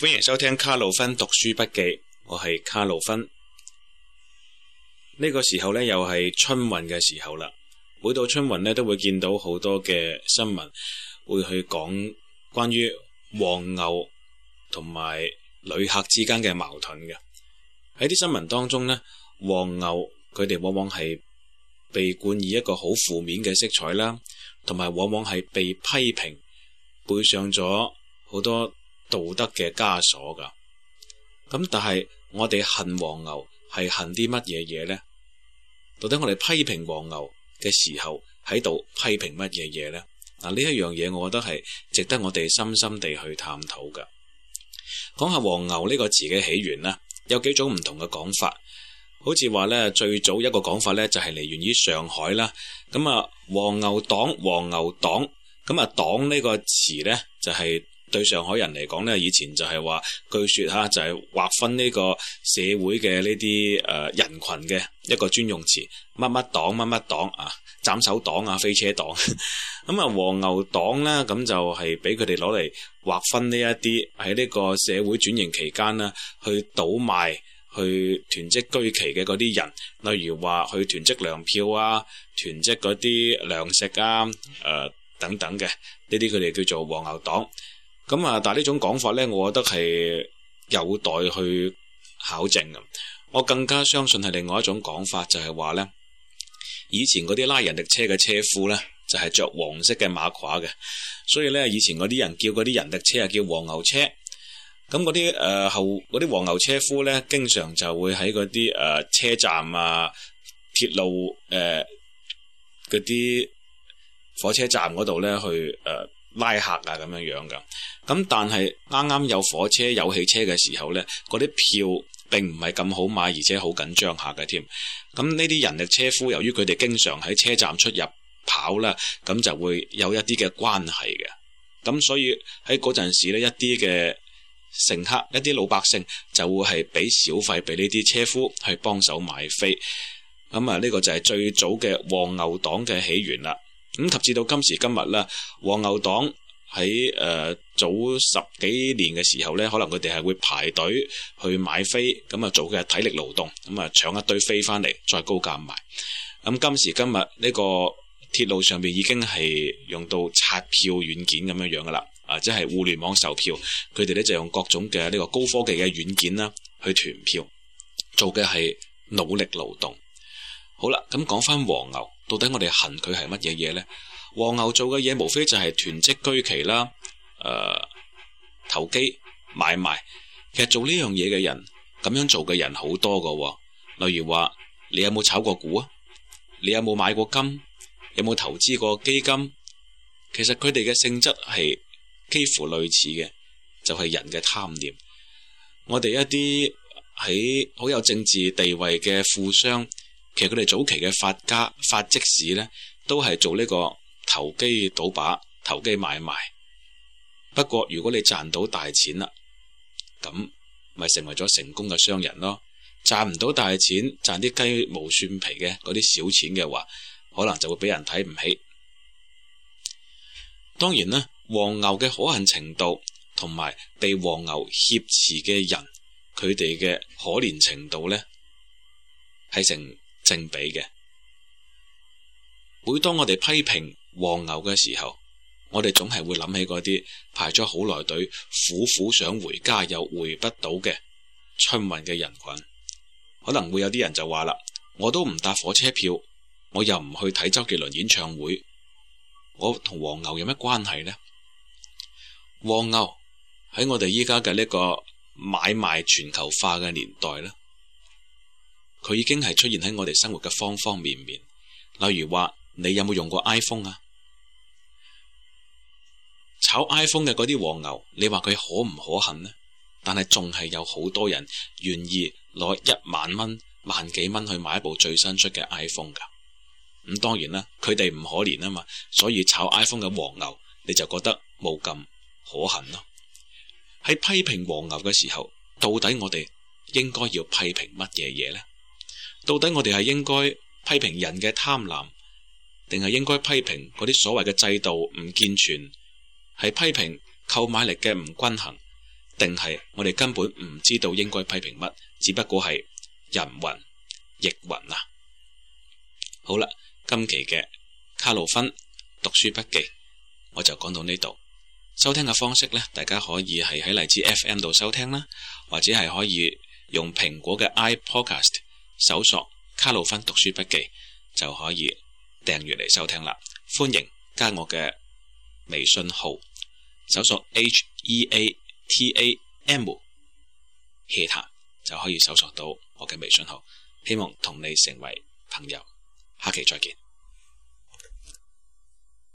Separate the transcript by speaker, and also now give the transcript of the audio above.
Speaker 1: 歡迎收聽卡路芬讀書筆記，我係卡路芬。呢個時候咧，又係春運嘅時候啦。每到春運咧，都會見到好多嘅新聞會去講關於黃牛同埋旅客之間嘅矛盾嘅。喺啲新聞當中呢，黃牛佢哋往往係被冠以一個好負面嘅色彩啦，同埋往往係被批評背上咗好多。道德嘅枷鎖㗎，咁但係我哋恨黃牛係恨啲乜嘢嘢呢？到底我哋批評黃牛嘅時候喺度批評乜嘢嘢呢？嗱呢一樣嘢，我覺得係值得我哋深深地去探討㗎。講下黃牛呢個詞嘅起源啦，有幾種唔同嘅講法，好似話呢，最早一個講法呢就係、是、嚟源於上海啦，咁啊黃牛黨、黃牛黨，咁啊黨呢個詞呢就係、是。對上海人嚟講呢以前就係話據説嚇，就係劃分呢個社會嘅呢啲誒人群嘅一個專用詞乜乜黨乜乜黨啊，斬手黨啊，飛車黨咁啊，黃、嗯、牛黨呢，咁就係俾佢哋攞嚟劃分呢一啲喺呢個社會轉型期間呢去倒賣去囤積居奇嘅嗰啲人，例如話去囤積糧票啊，囤積嗰啲糧食啊，誒、呃、等等嘅呢啲，佢哋叫做黃牛黨。咁啊！但係呢種講法呢，我覺得係有待去考證嘅。咁我更加相信係另外一種講法，就係話呢以前嗰啲拉人力車嘅車夫呢，就係着黃色嘅馬褂嘅。所以呢，以前嗰啲人叫嗰啲人力車係叫黃牛車那那。咁嗰啲誒後嗰啲黃牛車夫呢，經常就會喺嗰啲誒車站啊、鐵路誒嗰啲火車站嗰度呢去誒。呃拉客啊咁樣樣噶，咁但係啱啱有火車有汽車嘅時候呢，嗰啲票並唔係咁好買，而且好緊張下嘅添。咁呢啲人力車夫，由於佢哋經常喺車站出入跑啦，咁就會有一啲嘅關係嘅。咁所以喺嗰陣時呢，一啲嘅乘客，一啲老百姓就會係俾小費俾呢啲車夫去幫手買飛。咁啊，呢個就係最早嘅黃牛黨嘅起源啦。.咁及至到今時今日啦，黃牛黨喺誒、呃、早十幾年嘅時候呢，可能佢哋係會排隊去買飛，咁啊做嘅係體力勞動，咁啊搶一堆飛翻嚟再高價賣。咁今時今日呢、呢個鐵路上邊已經係用到刷票軟件咁樣樣噶啦，啊即係互聯網售票，佢哋呢就用各種嘅呢個高科技嘅軟件啦去團票，做嘅係腦力勞動。好啦，咁講翻黃牛。到底我哋恨佢係乜嘢嘢呢？黃牛做嘅嘢無非就係囤積居奇啦，誒、呃，投機買賣。其實做呢樣嘢嘅人，咁樣做嘅人好多㗎、哦。例如話，你有冇炒過股啊？你有冇買過金？有冇投資過基金？其實佢哋嘅性質係幾乎類似嘅，就係、是、人嘅貪念。我哋一啲喺好有政治地位嘅富商。其實佢哋早期嘅發家發跡史呢，都係做呢個投機倒把、投機買賣。不過如果你賺到大錢啦，咁咪成為咗成功嘅商人咯。賺唔到大錢，賺啲雞毛蒜皮嘅嗰啲小錢嘅話，可能就會俾人睇唔起。當然咧，黃牛嘅可恨程度同埋被黃牛挾持嘅人，佢哋嘅可憐程度呢，係成正比嘅。每當我哋批評黃牛嘅時候，我哋總係會諗起嗰啲排咗好耐隊、苦苦想回家又回不到嘅春運嘅人群。可能會有啲人就話啦：我都唔搭火車票，我又唔去睇周杰倫演唱會，我同黃牛有咩關係呢？黃牛喺我哋依家嘅呢個買賣全球化嘅年代呢。佢已經係出現喺我哋生活嘅方方面面，例如話你有冇用過 iPhone 啊？炒 iPhone 嘅嗰啲黃牛，你話佢可唔可恨呢？但係仲係有好多人願意攞一萬蚊、萬幾蚊去買一部最新出嘅 iPhone 㗎。咁、嗯、當然啦，佢哋唔可憐啊嘛，所以炒 iPhone 嘅黃牛你就覺得冇咁可恨咯。喺批評黃牛嘅時候，到底我哋應該要批評乜嘢嘢呢？到底我哋係應該批評人嘅貪婪，定係應該批評嗰啲所謂嘅制度唔健全，係批評購買力嘅唔均衡，定係我哋根本唔知道應該批評乜？只不過係人云亦云啊。好啦，今期嘅卡路芬讀書筆記我就講到呢度。收聽嘅方式呢，大家可以係喺荔枝 FM 度收聽啦，或者係可以用蘋果嘅 iPodcast。搜索卡路芬讀書筆記就可以訂閱嚟收聽啦，歡迎加我嘅微信號，搜索 H E A T A M，希塔就可以搜索到我嘅微信號，希望同你成為朋友，下期再見。